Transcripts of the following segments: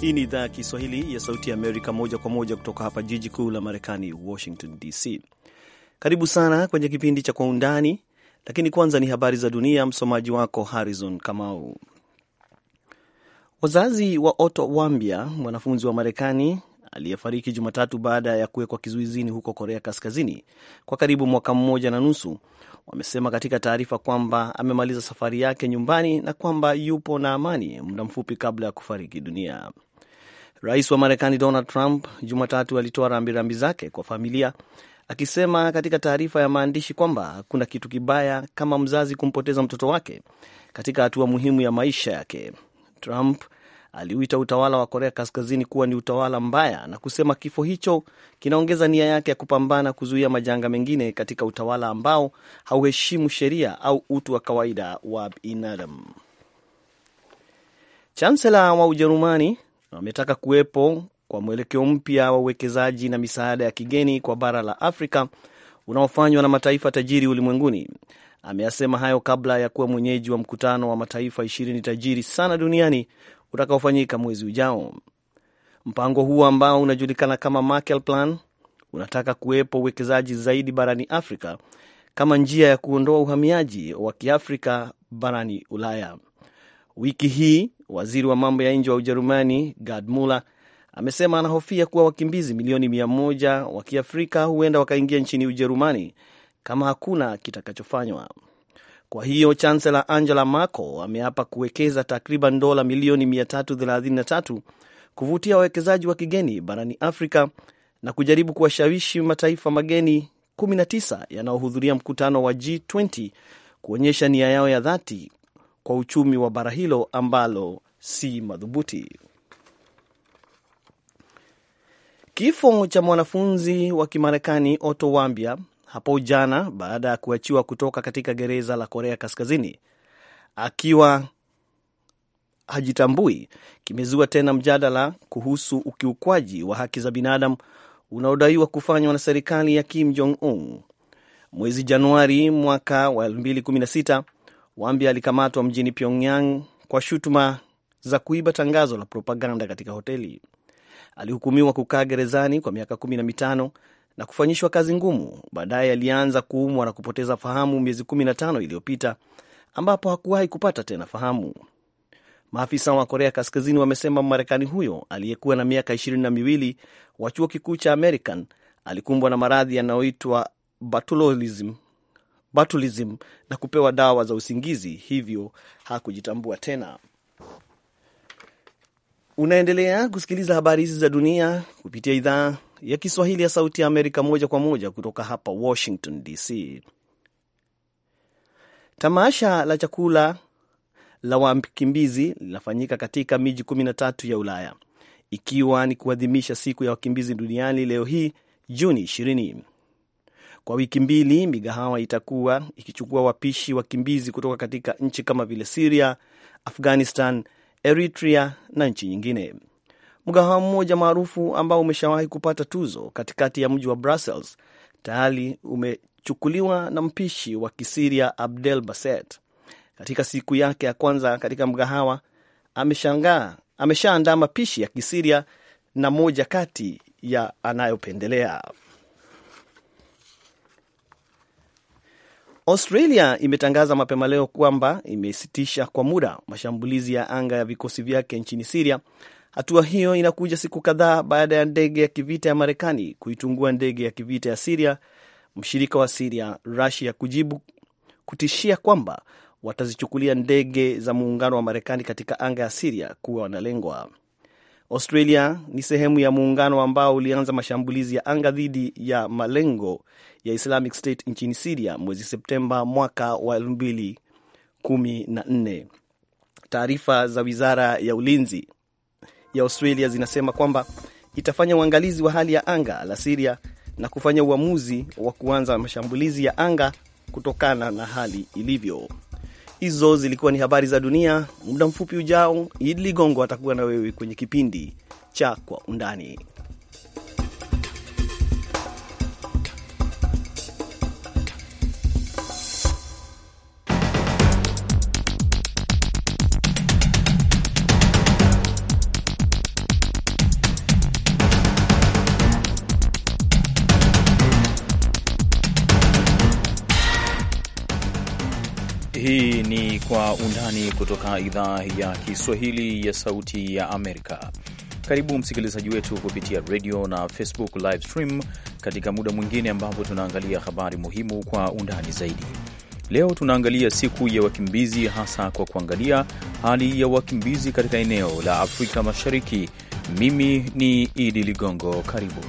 Hii ni idhaa ya Kiswahili ya Sauti ya Amerika, moja kwa moja kutoka hapa jiji kuu la Marekani, Washington DC. Karibu sana kwenye kipindi cha Kwa Undani, lakini kwanza ni habari za dunia. Msomaji wako Harrison Kamau. Wazazi wa Otto Wambia, mwanafunzi wa Marekani aliyefariki Jumatatu baada ya kuwekwa kizuizini huko Korea Kaskazini kwa karibu mwaka mmoja na nusu, wamesema katika taarifa kwamba amemaliza safari yake nyumbani na kwamba yupo na amani, muda mfupi kabla ya kufariki dunia. Rais wa Marekani Donald Trump Jumatatu alitoa rambirambi zake kwa familia, akisema katika taarifa ya maandishi kwamba kuna kitu kibaya kama mzazi kumpoteza mtoto wake katika hatua muhimu ya maisha yake. Trump aliuita utawala wa Korea Kaskazini kuwa ni utawala mbaya na kusema kifo hicho kinaongeza nia yake ya kupambana kuzuia majanga mengine katika utawala ambao hauheshimu sheria au utu wa kawaida wa binadamu. Chansela wa Ujerumani wametaka kuwepo kwa mwelekeo mpya wa uwekezaji na misaada ya kigeni kwa bara la Afrika unaofanywa na mataifa tajiri ulimwenguni. Ameyasema hayo kabla ya kuwa mwenyeji wa mkutano wa mataifa ishirini tajiri sana duniani utakaofanyika mwezi ujao. Mpango huo ambao unajulikana kama Plan unataka kuwepo uwekezaji zaidi barani Afrika kama njia ya kuondoa uhamiaji wa Kiafrika barani Ulaya. Wiki hii waziri wa mambo ya nje wa Ujerumani Gerd Muller amesema anahofia kuwa wakimbizi milioni mia moja wa Kiafrika huenda wakaingia nchini Ujerumani kama hakuna kitakachofanywa. Kwa hiyo chancela Angela Merkel ameapa kuwekeza takriban dola milioni 333 kuvutia wawekezaji wa kigeni barani Afrika na kujaribu kuwashawishi mataifa mageni 19 yanayohudhuria mkutano wa G20 kuonyesha nia yao ya dhati kwa uchumi wa bara hilo ambalo si madhubuti. Kifo cha mwanafunzi wa Kimarekani Otto Wambia hapo jana baada ya kuachiwa kutoka katika gereza la Korea Kaskazini akiwa hajitambui kimezua tena mjadala kuhusu ukiukwaji wa haki za binadamu unaodaiwa kufanywa na serikali ya Kim Jong Un. Mwezi Januari mwaka wa wambi alikamatwa mjini Pyongyang kwa shutuma za kuiba tangazo la propaganda katika hoteli. Alihukumiwa kukaa gerezani kwa miaka kumi na mitano na kufanyishwa kazi ngumu. Baadaye alianza kuumwa na kupoteza fahamu miezi kumi na tano iliyopita ambapo hakuwahi kupata tena fahamu. Maafisa wa Korea Kaskazini wamesema Marekani huyo aliyekuwa na miaka ishirini na miwili wa chuo kikuu cha American alikumbwa na maradhi yanayoitwa botulism botulism na kupewa dawa za usingizi, hivyo hakujitambua tena. Unaendelea kusikiliza habari hizi za dunia kupitia idhaa ya Kiswahili ya Sauti ya Amerika, moja kwa moja kutoka hapa Washington DC. Tamasha la chakula la wakimbizi linafanyika katika miji tatu ya Ulaya ikiwa ni kuadhimisha siku ya wakimbizi duniani leo hii Juni 20. Kwa wiki mbili, migahawa itakuwa ikichukua wapishi wakimbizi kutoka katika nchi kama vile Siria, Afghanistan, Eritrea na nchi nyingine. Mgahawa mmoja maarufu ambao umeshawahi kupata tuzo katikati ya mji wa Brussels tayari umechukuliwa na mpishi wa Kisiria Abdel Baset. Katika siku yake ya kwanza katika mgahawa, ameshangaa ameshaandaa mapishi ya Kisiria na moja kati ya anayopendelea Australia imetangaza mapema leo kwamba imesitisha kwa muda mashambulizi ya anga ya vikosi vyake nchini Siria. Hatua hiyo inakuja siku kadhaa baada ya ndege ya kivita ya Marekani kuitungua ndege ya kivita ya Siria, mshirika wa Siria, Rusia, kujibu kutishia kwamba watazichukulia ndege za muungano wa Marekani katika anga ya Siria kuwa wanalengwa. Australia ni sehemu ya muungano ambao ulianza mashambulizi ya anga dhidi ya malengo ya Islamic State nchini Siria mwezi Septemba mwaka wa 2014. Taarifa za wizara ya ulinzi ya Australia zinasema kwamba itafanya uangalizi wa hali ya anga la Siria na kufanya uamuzi wa kuanza mashambulizi ya anga kutokana na hali ilivyo. Hizo zilikuwa ni habari za dunia. Muda mfupi ujao, Idi Ligongo atakuwa na wewe kwenye kipindi cha Kwa Undani. Kwa Undani kutoka idhaa ya Kiswahili ya Sauti ya Amerika. Karibu msikilizaji wetu kupitia radio na Facebook live stream katika muda mwingine ambapo tunaangalia habari muhimu kwa undani zaidi. Leo tunaangalia siku ya wakimbizi, hasa kwa kuangalia hali ya wakimbizi katika eneo la Afrika Mashariki. Mimi ni Idi Ligongo, karibu.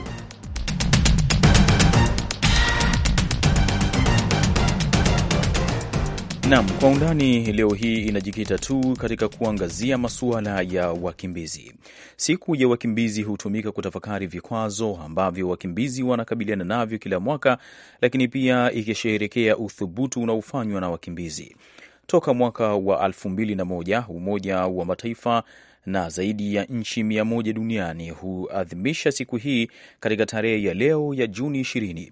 Naam, kwa undani leo hii inajikita tu katika kuangazia masuala ya wakimbizi. Siku ya wakimbizi hutumika kutafakari vikwazo ambavyo wakimbizi wanakabiliana navyo kila mwaka, lakini pia ikisherekea uthubutu unaofanywa na wakimbizi. Toka mwaka wa 2001 Umoja wa Mataifa na zaidi ya nchi mia moja duniani huadhimisha siku hii katika tarehe ya leo ya Juni 20.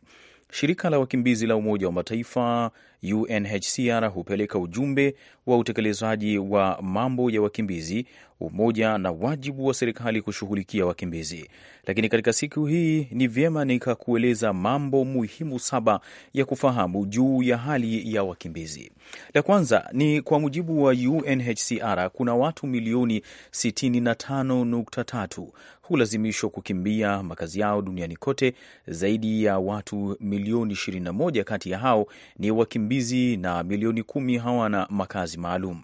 Shirika la wakimbizi la Umoja wa Mataifa UNHCR hupeleka ujumbe wa utekelezaji wa mambo ya wakimbizi umoja na wajibu wa serikali kushughulikia wakimbizi. Lakini katika siku hii ni vyema nikakueleza mambo muhimu saba ya kufahamu juu ya hali ya wakimbizi. La kwanza ni kwa mujibu wa UNHCR kuna watu milioni 65.3 hulazimishwa kukimbia makazi yao duniani kote. Zaidi ya watu milioni 21 kati ya hao ni wakimbizi na milioni kumi hawana makazi maalum.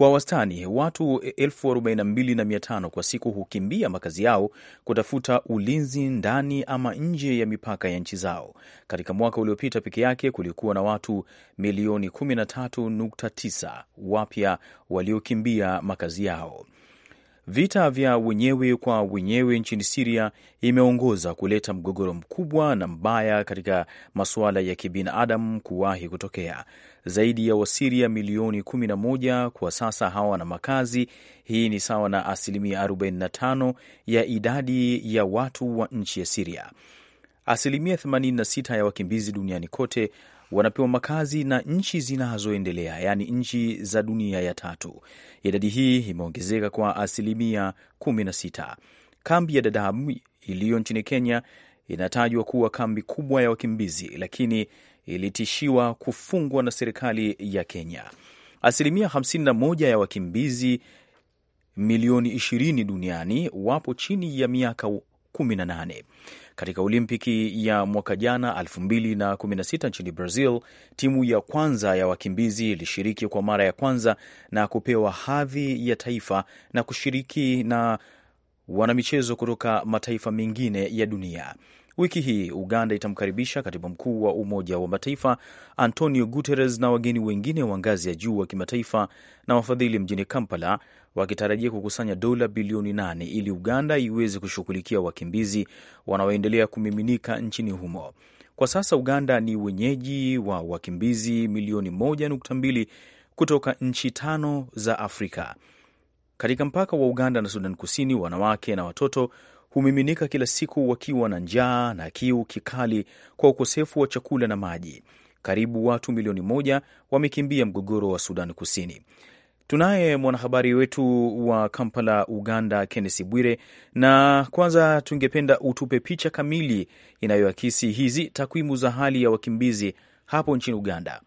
Kwa wastani watu 42,500 kwa siku hukimbia makazi yao kutafuta ulinzi ndani ama nje ya mipaka ya nchi zao. Katika mwaka uliopita peke yake kulikuwa na watu milioni 13.9 wapya waliokimbia makazi yao. Vita vya wenyewe kwa wenyewe nchini Siria imeongoza kuleta mgogoro mkubwa na mbaya katika masuala ya kibinadamu kuwahi kutokea. Zaidi ya Wasiria milioni 11 kwa sasa hawana makazi. Hii ni sawa na asilimia 45 ya idadi ya watu wa nchi ya Siria. Asilimia 86 ya wakimbizi duniani kote wanapewa makazi na nchi zinazoendelea, yaani nchi za dunia ya tatu. Idadi hii imeongezeka kwa asilimia 16. Kambi ya Dadaab iliyo nchini Kenya inatajwa kuwa kambi kubwa ya wakimbizi, lakini ilitishiwa kufungwa na serikali ya Kenya. Asilimia 51 ya wakimbizi milioni 20 duniani wapo chini ya miaka 18. Katika Olimpiki ya mwaka jana 2016 nchini Brazil, timu ya kwanza ya wakimbizi ilishiriki kwa mara ya kwanza na kupewa hadhi ya taifa na kushiriki na wanamichezo kutoka mataifa mengine ya dunia. Wiki hii Uganda itamkaribisha katibu mkuu wa Umoja wa Mataifa Antonio Guterres na wageni wengine wa ngazi ya juu wa kimataifa na wafadhili mjini Kampala, wakitarajia kukusanya dola bilioni nane ili Uganda iweze kushughulikia wakimbizi wanaoendelea kumiminika nchini humo. Kwa sasa Uganda ni wenyeji wa wakimbizi milioni moja nukta mbili kutoka nchi tano za Afrika. Katika mpaka wa Uganda na Sudan Kusini, wanawake na watoto humiminika kila siku wakiwa na njaa na kiu kikali kwa ukosefu wa chakula na maji. Karibu watu milioni moja wamekimbia mgogoro wa Sudan Kusini. Tunaye mwanahabari wetu wa Kampala, Uganda, Kennesi Bwire, na kwanza tungependa utupe picha kamili inayoakisi hizi takwimu za hali ya wakimbizi hapo nchini Uganda.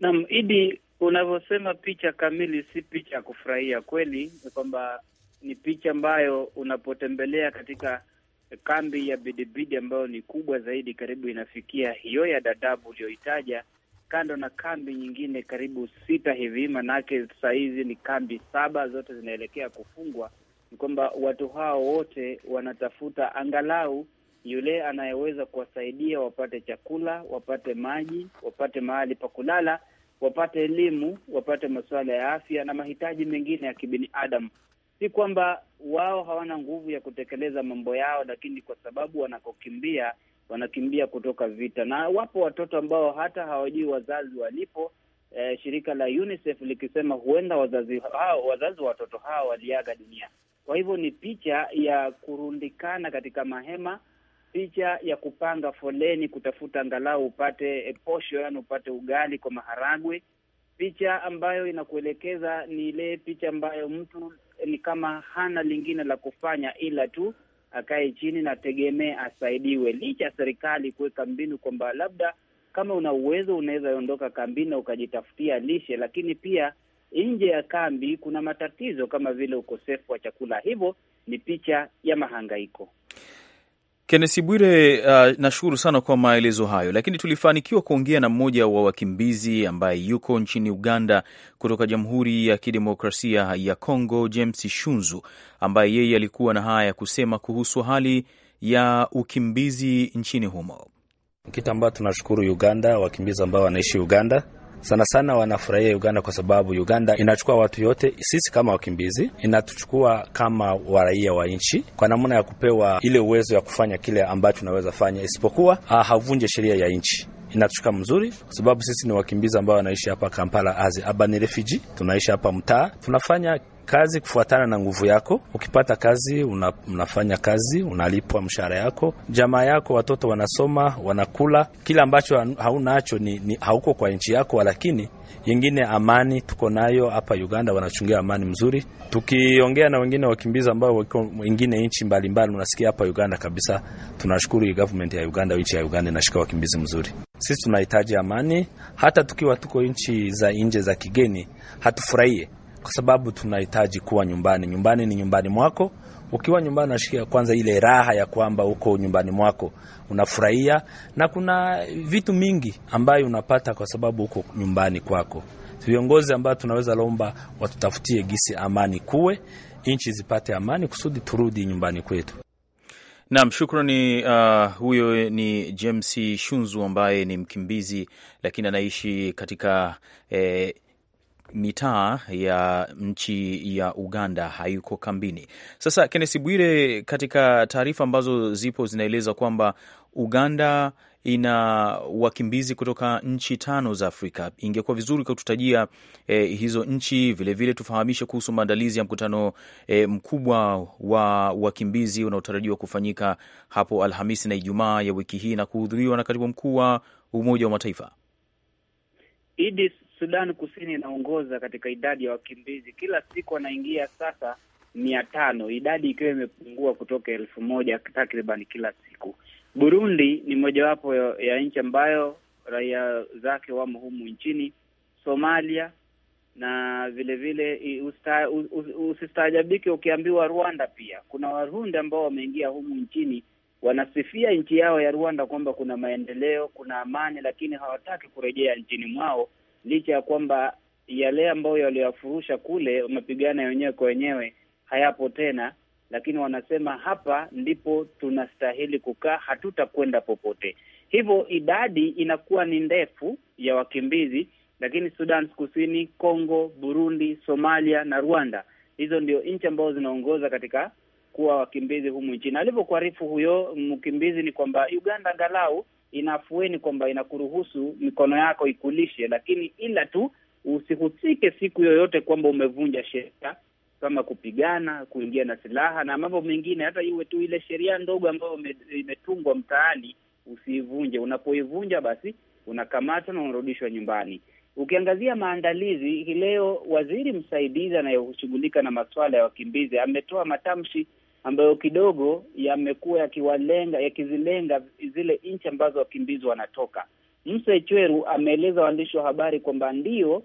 Naam, Idi, unavyosema picha kamili si picha ya kufurahia kweli. Ni kwamba ni picha ambayo unapotembelea katika kambi ya Bidibidi ambayo ni kubwa zaidi, karibu inafikia hiyo ya dadabu uliyoitaja, kando na kambi nyingine karibu sita hivi, manake saa hizi ni kambi saba, zote zinaelekea kufungwa. Ni kwamba watu hao wote wanatafuta angalau yule anayeweza kuwasaidia wapate chakula, wapate maji, wapate mahali pa kulala, wapate elimu, wapate masuala ya afya na mahitaji mengine ya kibinadamu si kwamba wao hawana nguvu ya kutekeleza mambo yao, lakini kwa sababu wanakokimbia, wanakimbia kutoka vita, na wapo watoto ambao hata hawajui wazazi walipo. Eh, shirika la UNICEF likisema huenda wazazi hao, wazazi wa watoto hao waliaga dunia. Kwa hivyo ni picha ya kurundikana katika mahema, picha ya kupanga foleni kutafuta angalau upate posho, yani upate ugali kwa maharagwe, picha ambayo inakuelekeza ni ile picha ambayo mtu eh, ni kama hana lingine la kufanya ila tu akae chini na tegemee asaidiwe, licha ya serikali kuweka mbinu kwamba labda kama una uwezo unaweza ondoka kambini na ukajitafutia lishe, lakini pia nje ya kambi kuna matatizo kama vile ukosefu wa chakula. Hivyo ni picha ya mahangaiko. Kennesi Bwire, uh, nashukuru sana kwa maelezo hayo, lakini tulifanikiwa kuongea na mmoja wa wakimbizi ambaye yuko nchini Uganda kutoka Jamhuri ya Kidemokrasia ya congo James Shunzu, ambaye yeye alikuwa na haya ya kusema kuhusu hali ya ukimbizi nchini humo. Kitu ambayo tunashukuru Uganda, wakimbizi ambao wanaishi Uganda sana sana wanafurahia Uganda kwa sababu Uganda inachukua watu yote, sisi kama wakimbizi, inatuchukua kama waraia wa nchi kwa namna ya kupewa ile uwezo ya kufanya kile ambacho unaweza fanya, isipokuwa ah, havunje sheria ya nchi inatushika mzuri kwa sababu sisi ni wakimbizi ambao wanaishi hapa Kampala as urban refugee, tunaishi hapa mtaa, tunafanya kazi kufuatana na nguvu yako. Ukipata kazi una, unafanya kazi, unalipwa mshahara yako, jamaa yako, watoto wanasoma, wanakula. Kila ambacho haunacho ni, ni hauko kwa nchi yako, lakini yingine amani tuko nayo hapa Uganda, wanachungia amani mzuri. Tukiongea na wengine wakimbizi ambao wako wengine nchi mbalimbali, unasikia hapa Uganda kabisa, tunashukuru government ya Uganda, nchi ya Uganda inashika wakimbizi mzuri. Sisi tunahitaji amani, hata tukiwa tuko nchi za nje za kigeni, hatufurahie kwa sababu tunahitaji kuwa nyumbani. Nyumbani ni nyumbani mwako. Ukiwa nyumbani, unashikia kwanza ile raha ya kwamba uko nyumbani mwako, unafurahia na kuna vitu mingi ambayo unapata kwa sababu uko nyumbani kwako. Viongozi ambao tunaweza lomba watutafutie gisi amani kuwe, nchi zipate amani kusudi turudi nyumbani kwetu. Naam, shukrani. Uh, huyo ni James Shunzu ambaye ni mkimbizi lakini anaishi katika eh, mitaa ya nchi ya Uganda haiko kambini. Sasa Kennesi Bwire, katika taarifa ambazo zipo zinaeleza kwamba Uganda ina wakimbizi kutoka nchi tano za Afrika. Ingekuwa vizuri kututajia eh, hizo nchi vilevile, tufahamishe kuhusu maandalizi ya mkutano eh, mkubwa wa wakimbizi unaotarajiwa kufanyika hapo Alhamisi na Ijumaa ya wiki hii na kuhudhuriwa na katibu mkuu wa Umoja wa Mataifa Edith Sudan Kusini inaongoza katika idadi ya wakimbizi, kila siku wanaingia sasa mia tano, idadi ikiwa imepungua kutoka elfu moja takriban kila siku. Burundi ni mojawapo ya, nchi ambayo raia zake wamo humu nchini, Somalia na vilevile vile usistaajabike ukiambiwa Rwanda pia kuna Warundi ambao wameingia humu nchini, wanasifia nchi yao ya Rwanda kwamba kuna maendeleo, kuna amani, lakini hawataki kurejea nchini mwao licha ya kwamba yale ambayo yaliyafurusha kule mapigano ya wenyewe kwa wenyewe hayapo tena, lakini wanasema hapa ndipo tunastahili kukaa, hatutakwenda popote. Hivyo idadi inakuwa ni ndefu ya wakimbizi, lakini Sudan Kusini, Kongo, Burundi, Somalia na Rwanda, hizo ndio nchi ambazo zinaongoza katika kuwa wakimbizi humu nchini. Alivyokuarifu huyo mkimbizi ni kwamba Uganda angalau inafueni kwamba inakuruhusu mikono yako ikulishe, lakini ila tu usihusike siku yoyote kwamba umevunja sheria kama kupigana, kuingia na silaha na mambo mengine. Hata iwe tu ile sheria ndogo ambayo imetungwa mtaani, usiivunje. Unapoivunja basi unakamatwa na unarudishwa nyumbani. Ukiangazia maandalizi hii leo, waziri msaidizi anayeshughulika na masuala ya wakimbizi ametoa matamshi ambayo kidogo yamekuwa yakiwalenga yakizilenga zile nchi ambazo wakimbizi wanatoka. Musa Echweru ameeleza waandishi wa habari kwamba ndiyo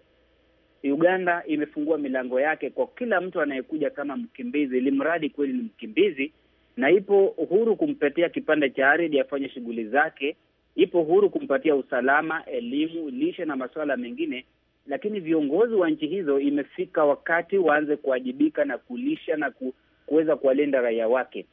Uganda imefungua milango yake kwa kila mtu anayekuja kama mkimbizi, ili mradi kweli ni mkimbizi, na ipo uhuru kumpatia kipande cha ardhi afanye shughuli zake, ipo uhuru kumpatia usalama, elimu, lishe na masuala mengine. Lakini viongozi wa nchi hizo imefika wakati waanze kuwajibika na kulisha na ku kuweza kuwalinda raia wake.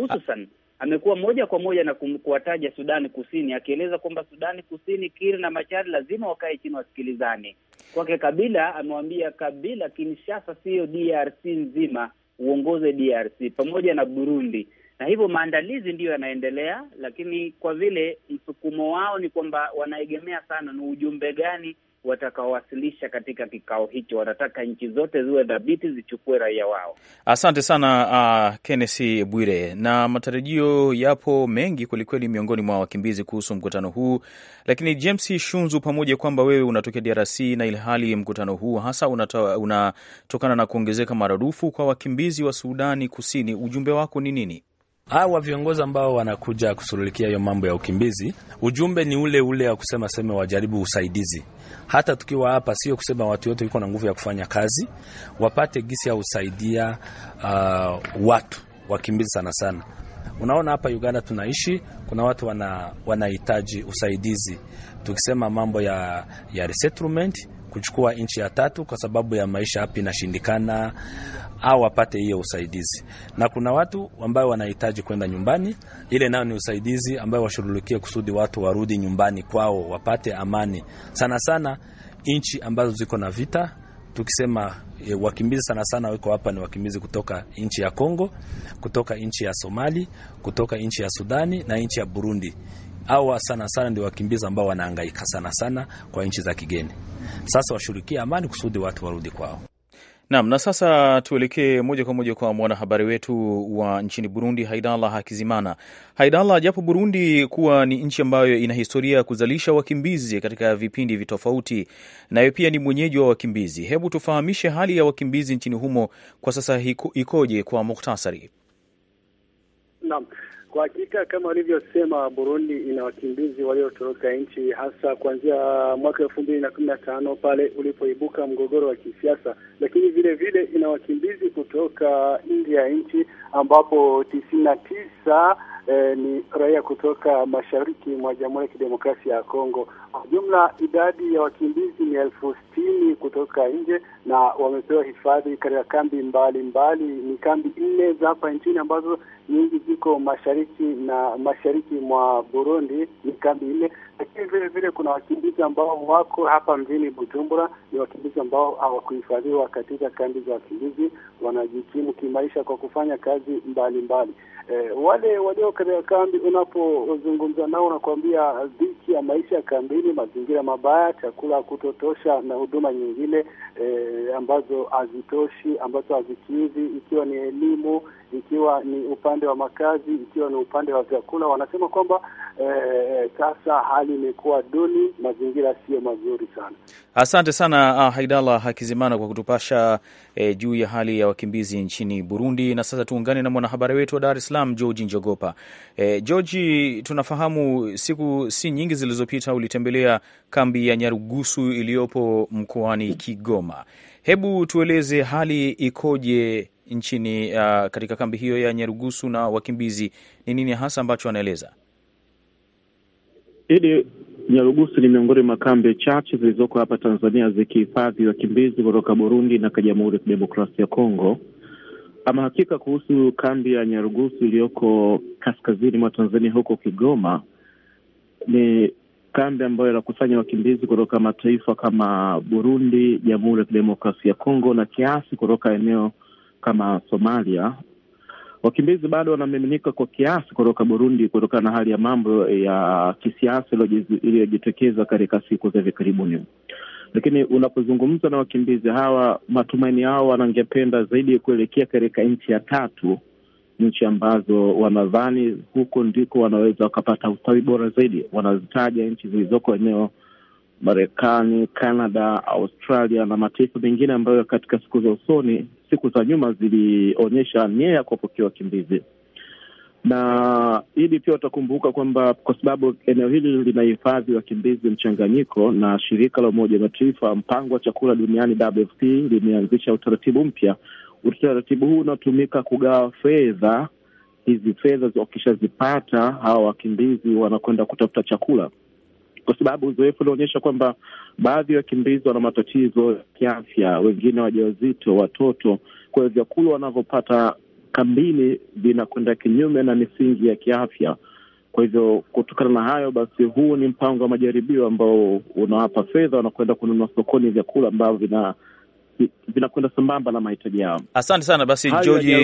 Hususan amekuwa moja kwa moja na kuwataja Sudani Kusini, akieleza kwamba Sudani Kusini, Kiir na Machar lazima wakae chini wasikilizane. Kwake Kabila amewambia Kabila, Kinshasa siyo DRC nzima, uongoze DRC pamoja na Burundi na hivyo maandalizi ndiyo yanaendelea, lakini kwa vile msukumo wao ni kwamba wanaegemea sana ni ujumbe gani watakaowasilisha katika kikao hicho. Wanataka nchi zote ziwe dhabiti, zichukue raia wao. Asante sana uh, Kennesi Bwire. Na matarajio yapo mengi kwelikweli miongoni mwa wakimbizi kuhusu mkutano huu, lakini James Shunzu, pamoja kwamba wewe unatokea DRC na ilhali mkutano huu hasa unatokana una na kuongezeka maradufu kwa wakimbizi wa Sudani Kusini, ujumbe wako ni nini? hawa viongozi ambao wanakuja kusurulikia hiyo mambo ya ukimbizi, ujumbe ni ule ule wa kusema seme wajaribu usaidizi. Hata tukiwa hapa, sio kusema watu wote iko na nguvu ya kufanya kazi, wapate gisi ya usaidia uh, watu wakimbizi sana sana. Unaona hapa Uganda tunaishi, kuna watu wana wanahitaji usaidizi, tukisema mambo ya, ya resettlement, kuchukua nchi ya tatu kwa sababu ya maisha hapa inashindikana au wapate hiyo usaidizi, na kuna watu ambao wanahitaji kwenda nyumbani, ile nayo ni usaidizi ambao washughulikie kusudi watu warudi nyumbani kwao, wapate amani. Sana sana nchi ambazo ziko na vita tukisema e, wakimbizi sana sana wako hapa ni wakimbizi kutoka nchi ya Kongo, kutoka nchi ya Somali, kutoka nchi ya Sudani na nchi ya Burundi. Hawa sana sana ndio wakimbizi ambao wanahangaika sana sana kwa nchi za kigeni. Sasa washughulikie amani kusudi watu warudi kwao. Naam, na sasa tuelekee moja kwa moja kwa mwanahabari wetu wa nchini Burundi, Haidala Hakizimana. Haidala, japo Burundi kuwa ni nchi ambayo ina historia ya kuzalisha wakimbizi katika vipindi vitofauti, nayo pia ni mwenyeji wa wakimbizi, hebu tufahamishe hali ya wakimbizi nchini humo kwa sasa ikoje kwa muktasari? Naam. Kwa hakika kama walivyosema, Burundi ina wakimbizi waliotoroka nchi, hasa kuanzia mwaka elfu mbili na kumi na tano pale ulipoibuka mgogoro wa kisiasa, lakini vile vile ina wakimbizi kutoka nje ya nchi ambapo tisini na tisa eh, ni raia kutoka mashariki mwa Jamhuri ya Kidemokrasia ya Kongo. Kwa jumla idadi ya wakimbizi ni elfu sitini kutoka nje na wamepewa hifadhi katika kambi mbalimbali. Ni kambi nne za hapa nchini ambazo nyingi ziko mashariki na mashariki mwa Burundi ni kambi ile, lakini vile vile kuna wakimbizi ambao wako hapa mjini Bujumbura. Ni wakimbizi ambao hawakuhifadhiwa katika kambi za wakimbizi, wanajikimu kimaisha kwa kufanya kazi mbalimbali mbali. Eh, e, wale walio katika kambi, unapozungumza nao unakuambia dhiki ya maisha kambini, mazingira mabaya, chakula kutotosha na huduma nyingine e, ambazo hazitoshi ambazo hazikidhi, ikiwa ni elimu ikiwa ni upande wa makazi, ikiwa ni upande wa vyakula. Wanasema kwamba eh, sasa eh, hali imekuwa duni, mazingira siyo mazuri sana. Asante sana ah, Haidala Hakizimana kwa kutupasha eh, juu ya hali ya wakimbizi nchini Burundi. Na sasa tuungane na mwanahabari wetu wa Dar es Salaam George Njogopa. Eh, George, tunafahamu siku si nyingi zilizopita ulitembelea kambi ya Nyarugusu iliyopo mkoani Kigoma. Hebu tueleze hali ikoje nchini uh, katika kambi hiyo ya Nyarugusu na wakimbizi, ni nini hasa ambacho anaeleza? Hili Nyarugusu ni miongoni mwa kambi chache zilizoko hapa Tanzania zikihifadhi wakimbizi kutoka Burundi na Jamhuri ya Kidemokrasia ya Kongo. Ama hakika kuhusu kambi ya Nyarugusu iliyoko kaskazini mwa Tanzania huko Kigoma, ni kambi ambayo inakusanya wakimbizi kutoka mataifa kama Burundi, Jamhuri ya Kidemokrasia ya Kongo na kiasi kutoka eneo kama Somalia. Wakimbizi bado wanamiminika kwa kiasi kutoka Burundi kutokana na hali ya mambo ya kisiasa iliyojitokeza katika siku za hivi karibuni. Lakini unapozungumza na wakimbizi hawa, matumaini yao wanangependa zaidi kuelekea katika nchi ya tatu, nchi ambazo wanadhani huko ndiko wanaweza wakapata ustawi bora zaidi. Wanazitaja nchi zilizoko eneo Marekani, Canada, Australia na mataifa mengine ambayo katika siku za usoni, siku za nyuma zilionyesha nia ya kuwapokea wakimbizi. Na hili pia utakumbuka kwamba kwa sababu eneo hili linahifadhi wakimbizi mchanganyiko, na shirika la Umoja Mataifa, mpango wa chakula duniani WFP, limeanzisha utaratibu mpya. Utaratibu huu unatumika kugawa fedha. Hizi fedha wakishazipata hawa wakimbizi wanakwenda kutafuta chakula kwa sababu uzoefu unaonyesha kwamba baadhi ya wakimbizi wana matatizo ya kiafya, wengine wajawazito, watoto. Kwa hiyo vyakula wanavyopata kambini vinakwenda kinyume na misingi ya kiafya. Kwa hivyo kutokana na hayo basi, huu ni mpango wa majaribio ambao unawapa fedha, wanakwenda kununua sokoni vyakula ambavyo vina vinakwenda sambamba na mahitaji yao. Asante sana basi, George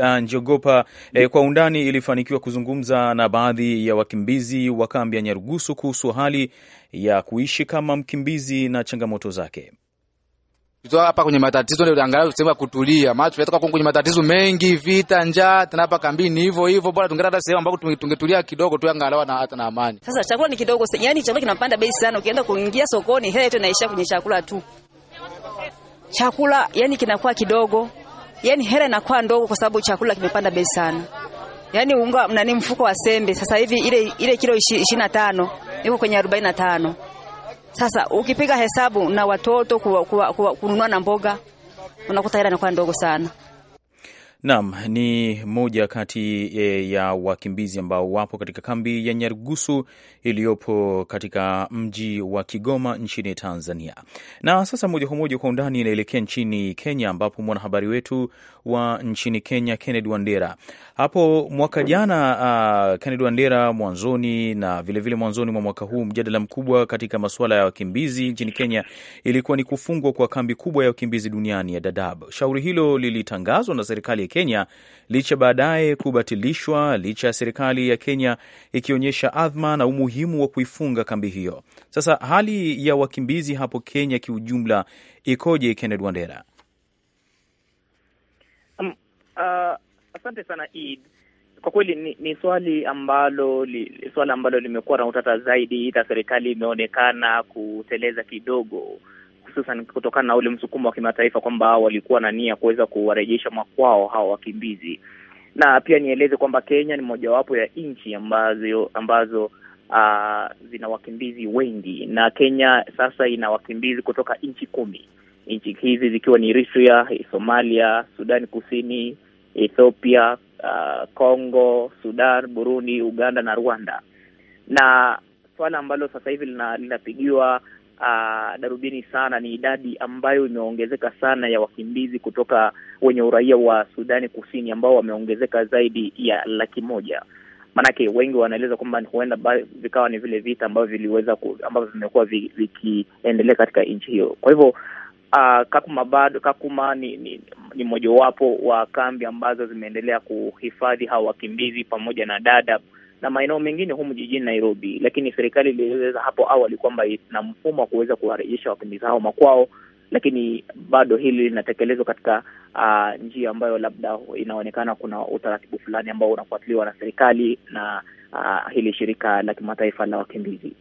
uh, Njogopa. Eh, kwa undani ilifanikiwa kuzungumza na baadhi ya wakimbizi wa kambi ya Nyarugusu kuhusu hali ya kuishi kama mkimbizi na changamoto zake. Hapa kwenye matatizo ndio angalau sehemu ya kutulia, maana tunatoka kwenye matatizo mengi, vita, njaa, tena hapa kambini hivyo hivyo, bora tungepata hata sehemu ambako tungetulia kidogo tu, angalau na hata na amani. Sasa chakula ni kidogo, yani chakula kinapanda bei sana, ukienda kuingia sokoni, hela yote inaisha kwenye chakula tu chakula yani kinakuwa kidogo, yani hela inakuwa ndogo kwa sababu chakula kimepanda bei sana. Yani unga nani, mfuko wa sembe sasa hivi ile ile kilo 25 iko kwenye 45. Sasa ukipiga hesabu na watoto kuwa, kuwa, kuwa, kununua na mboga unakuta hela inakuwa ndogo sana. Naam, ni moja kati e, ya wakimbizi ambao wapo katika kambi ya Nyarugusu iliyopo katika mji wa Kigoma nchini Tanzania. Na sasa moja kwa moja kwa undani inaelekea nchini Kenya ambapo mwanahabari wetu wa nchini Kenya Kennedy Wandera. Hapo mwaka jana, uh, Kennedy Wandera mwanzoni na vilevile vile mwanzoni mwa mwaka huu, mjadala mkubwa katika masuala ya wakimbizi nchini Kenya ilikuwa ni kufungwa kwa kambi kubwa ya wakimbizi duniani ya Dadaab. Shauri hilo lilitangazwa na serikali ya Kenya licha baadaye kubatilishwa, licha ya serikali ya Kenya ikionyesha adhma na umuhimu wa kuifunga kambi hiyo. Sasa hali ya wakimbizi hapo Kenya kiujumla ikoje, Kennedy Wandera? Uh, asante sana Eid. Kwa kweli ni, ni swali ambalo li, swala ambalo limekuwa na utata zaidi. Hata serikali imeonekana kuteleza kidogo, hususan kutokana na ule msukumo wa kimataifa kwamba walikuwa na nia kuweza kuwarejesha makwao hawa wakimbizi, na pia nieleze kwamba Kenya ni mojawapo ya nchi ambazo ambazo uh, zina wakimbizi wengi, na Kenya sasa ina wakimbizi kutoka nchi kumi nchi hizi zikiwa ni Eritrea, Somalia, Sudani Kusini, Ethiopia, uh, Congo, Sudan, Burundi, Uganda na Rwanda. Na swala ambalo sasa hivi linapigiwa uh, darubini sana ni idadi ambayo imeongezeka sana ya wakimbizi kutoka wenye uraia wa Sudani Kusini ambao wameongezeka zaidi ya laki moja. Maanake wengi wanaeleza kwamba huenda vikawa ni vile vita ambavyo viliweza ambavyo vimekuwa vikiendelea katika nchi hiyo. Kwa hivyo Uh, Kakuma bado Kakuma ni, ni, ni mojawapo wa kambi ambazo zimeendelea kuhifadhi hawa wakimbizi pamoja na Dadaab na maeneo mengine humu jijini Nairobi, lakini serikali ilieleza hapo awali kwamba ina mfumo wa kuweza kuwarejesha wakimbizi hao makwao, lakini bado hili linatekelezwa katika uh, njia ambayo labda inaonekana kuna utaratibu fulani ambao unafuatiliwa na serikali na uh, hili shirika la kimataifa la wakimbizi.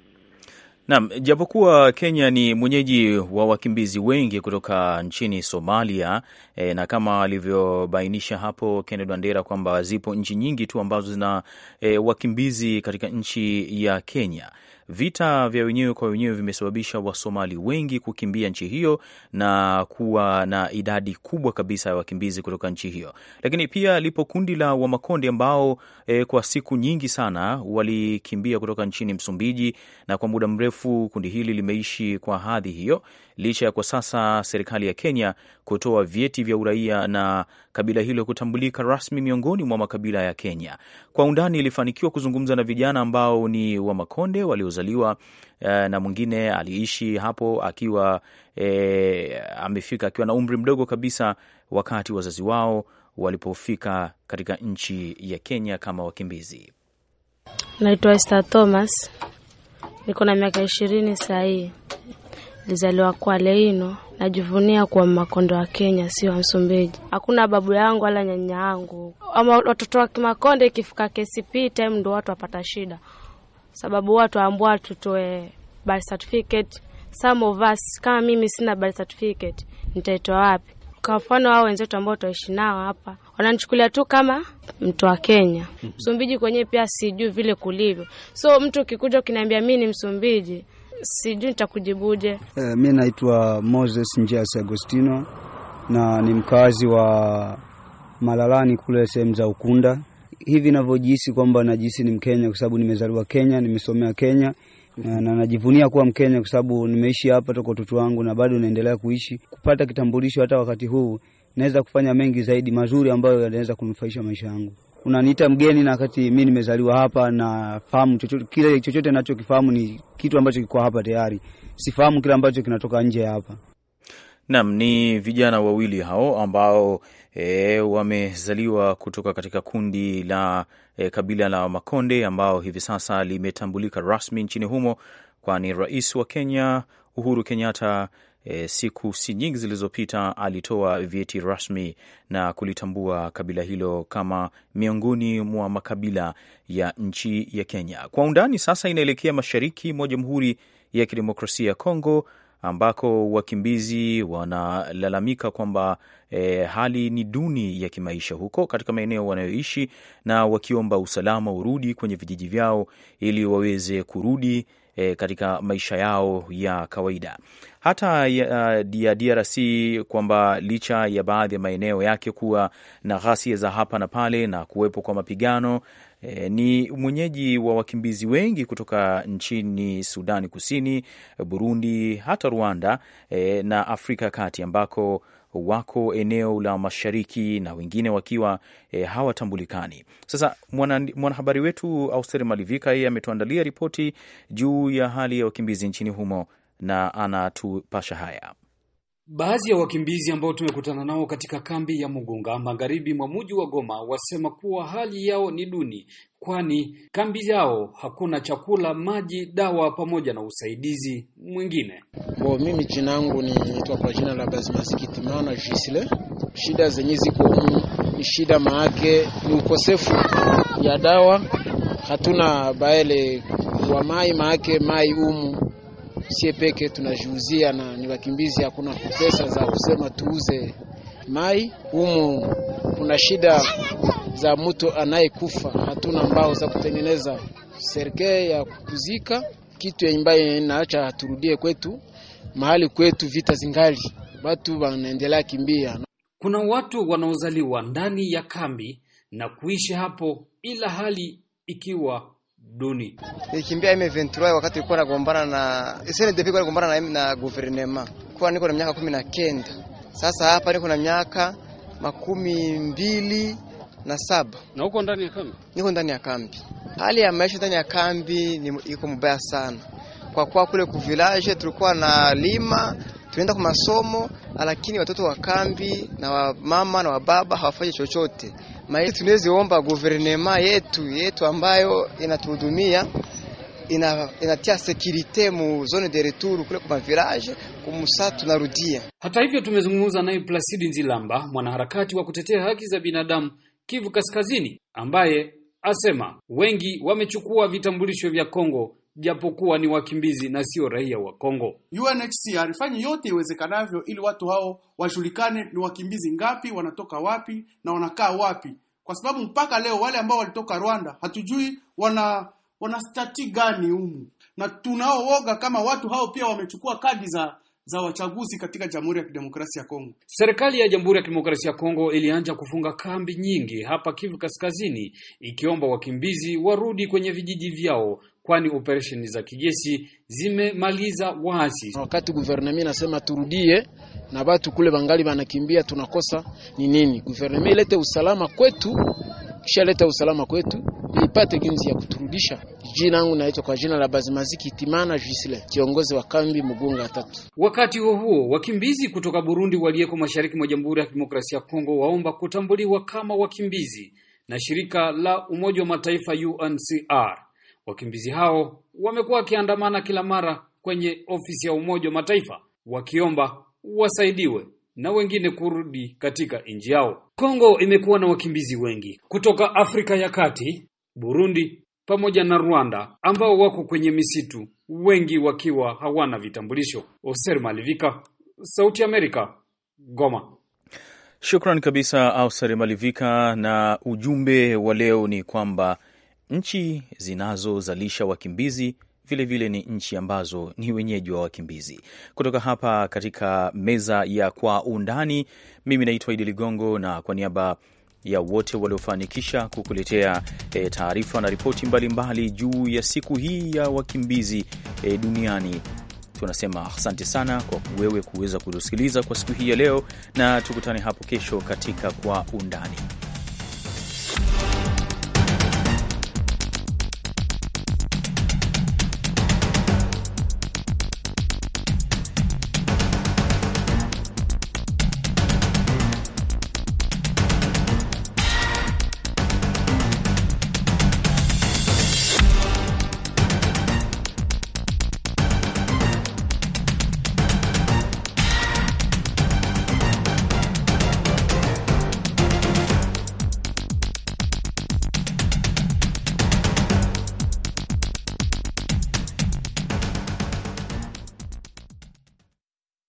Naam, japokuwa Kenya ni mwenyeji wa wakimbizi wengi kutoka nchini Somalia e, na kama alivyobainisha hapo Kennedy Wandera kwamba zipo nchi nyingi tu ambazo zina e, wakimbizi katika nchi ya Kenya Vita vya wenyewe kwa wenyewe vimesababisha Wasomali wengi kukimbia nchi hiyo na kuwa na idadi kubwa kabisa ya wakimbizi kutoka nchi hiyo. Lakini pia lipo kundi la Wamakonde ambao e, kwa siku nyingi sana walikimbia kutoka nchini Msumbiji, na kwa muda mrefu kundi hili limeishi kwa hadhi hiyo licha ya kwa sasa serikali ya Kenya kutoa vyeti vya uraia na kabila hilo kutambulika rasmi miongoni mwa makabila ya Kenya. Kwa undani ilifanikiwa kuzungumza na vijana ambao ni wa Makonde waliozaliwa eh, na mwingine aliishi hapo akiwa e, amefika akiwa na umri mdogo kabisa wakati wazazi wao walipofika katika nchi ya Kenya kama wakimbizi. Naitwa Esther Thomas, niko na miaka ishirini saa hii nizaliwa Kwale ino, najivunia kuwa Makondo wa Kenya, si wa Msumbiji. Hakuna babu yangu wala nyanya yangu ama watoto wa Kimakonde. Ikifika KCP time ndo watu wapata shida, sababu watu ambao tutoe birth certificate. Some of us kama mimi sina birth certificate, nitaitoa wapi? Kwa mfano hao wenzetu ambao tuishi nao hapa wananichukulia tu kama mtu wa Kenya. Mm-hmm. Msumbiji kwenyewe pia sijui vile kulivyo, so mtu ukikuja ukiniambia mi ni Msumbiji sijui nitakujibuje. E, eh, mi naitwa Moses Njias Agostino na ni mkazi wa Malalani kule sehemu za Ukunda. Hivi ninavyojihisi kwamba najihisi ni Mkenya kwa sababu nimezaliwa Kenya, nimesomea Kenya eh, na najivunia kuwa Mkenya kwa sababu nimeishi hapa toka utoto wangu na bado naendelea kuishi. Kupata kitambulisho hata wakati huu naweza kufanya mengi zaidi mazuri ambayo yanaweza kunufaisha maisha yangu unaniita mgeni na wakati mimi nimezaliwa hapa na fahamu chochote, kile chochote nachokifahamu ni kitu ambacho kiko hapa tayari, sifahamu kile ambacho kinatoka nje ya hapa. Naam, ni vijana wawili hao ambao e, wamezaliwa kutoka katika kundi la e, kabila la Makonde ambao hivi sasa limetambulika rasmi nchini humo, kwani rais wa Kenya Uhuru Kenyatta e, siku si nyingi zilizopita alitoa vyeti rasmi na kulitambua kabila hilo kama miongoni mwa makabila ya nchi ya Kenya. Kwa undani sasa inaelekea mashariki mwa Jamhuri ya Kidemokrasia ya Kongo ambako wakimbizi wanalalamika kwamba e, hali ni duni ya kimaisha huko katika maeneo wanayoishi, na wakiomba usalama urudi kwenye vijiji vyao ili waweze kurudi e, katika maisha yao ya kawaida hata ya, ya DRC kwamba licha ya baadhi ya maeneo yake kuwa na ghasia za hapa na pale na kuwepo kwa mapigano E, ni mwenyeji wa wakimbizi wengi kutoka nchini Sudani Kusini, Burundi, hata Rwanda e, na Afrika ya Kati ambako wako eneo la mashariki na wengine wakiwa e, hawatambulikani. Sasa mwanahabari wetu Auster Malivika yeye ametuandalia ripoti juu ya hali ya wakimbizi nchini humo na anatupasha haya. Baadhi ya wakimbizi ambao tumekutana nao katika kambi ya Mugunga magharibi mwa mji wa Goma wasema kuwa hali yao ni duni, kwani kambi yao hakuna chakula, maji, dawa pamoja na usaidizi mwingine. Bo, mimi jina yangu niitwa kwa jina la Bazimasikitimana Jisle. Shida zenye ziko humu ni shida, maake ni ukosefu ya dawa, hatuna baele wa mai, maake mai humu sie peke tunajiuzia, na ni wakimbizi, hakuna pesa za kusema tuuze mai humu. Kuna shida za mtu anayekufa, hatuna mbao za kutengeneza serikali ya kuzika, kitu ambaye inaacha turudie kwetu mahali kwetu, vita zingali, watu wanaendelea kimbia. Kuna watu wanaozaliwa ndani ya kambi na kuishi hapo, ila hali ikiwa duni. Nikimbia M23 wakati nilikuwa nagombana na SNDP, kwa nagombana na na guverinema, kwa niko na miaka 19. Sasa hapa niko na miaka makumi mbili na saba. Na huko ndani ya kambi? Niko ndani ya kambi. Hali ya maisha ndani ya kambi ni iko mbaya sana, kwa kuwa kule ku village tulikuwa na lima tunaenda kwa masomo, lakini watoto wa kambi na wamama na wa baba hawafanyi chochote maiti tunaweza omba guvernema yetu yetu ambayo inatuhudumia ina, inatia sekurite mu zone de retour kule kwa virage kumusa tunarudia. Hata hivyo tumezungumza naye Placide Nzilamba, mwanaharakati wa kutetea haki za binadamu Kivu Kaskazini, ambaye asema wengi wamechukua vitambulisho vya Kongo japokuwa ni wakimbizi na sio raia wa Kongo. UNHCR ifanye yote iwezekanavyo ili watu hao wajulikane ni wakimbizi ngapi, wanatoka wapi na wanakaa wapi, kwa sababu mpaka leo wale ambao walitoka Rwanda hatujui wana wana stati gani humu, na tunaooga kama watu hao pia wamechukua kadi za za wachaguzi katika Jamhuri ya Kidemokrasia ya Kongo. Serikali ya Jamhuri ya Kidemokrasia ya Kongo ilianza kufunga kambi nyingi hapa Kivu Kaskazini, ikiomba wakimbizi warudi kwenye vijiji vyao, kwani operesheni za kijeshi zimemaliza waasi. Wakati guverneme nasema turudie na watu kule bangali wanakimbia, tunakosa ni nini? Guverneme ilete usalama kwetu kishaleta usalama kwetu, nipate ginzi ya kuturudisha. Jina langu naitwa kwa jina la Bazimaziki Timana Jisle, kiongozi wa kambi Mugunga tatu. Wakati huo huo, wakimbizi kutoka Burundi waliyeko mashariki mwa Jamhuri ya Kidemokrasia ya Kongo waomba kutambuliwa kama wakimbizi na shirika la Umoja wa Mataifa UNHCR. Wakimbizi hao wamekuwa wakiandamana kila mara kwenye ofisi ya Umoja wa Mataifa wakiomba wasaidiwe na wengine kurudi katika nchi yao. Kongo imekuwa na wakimbizi wengi kutoka Afrika ya Kati, Burundi pamoja na Rwanda ambao wako kwenye misitu, wengi wakiwa hawana vitambulisho. Oser Malivika, Sauti Amerika, Goma. Shukran kabisa oser Malivika. Na ujumbe wa leo ni kwamba nchi zinazozalisha wakimbizi vilevile vile ni nchi ambazo ni wenyeji wa wakimbizi. Kutoka hapa katika meza ya Kwa Undani, mimi naitwa Idi Ligongo na kwa niaba ya wote waliofanikisha kukuletea e, taarifa na ripoti mbalimbali juu ya siku hii ya wakimbizi e, duniani tunasema asante sana kwa wewe kuweza kutusikiliza kwa siku hii ya leo, na tukutane hapo kesho katika Kwa Undani.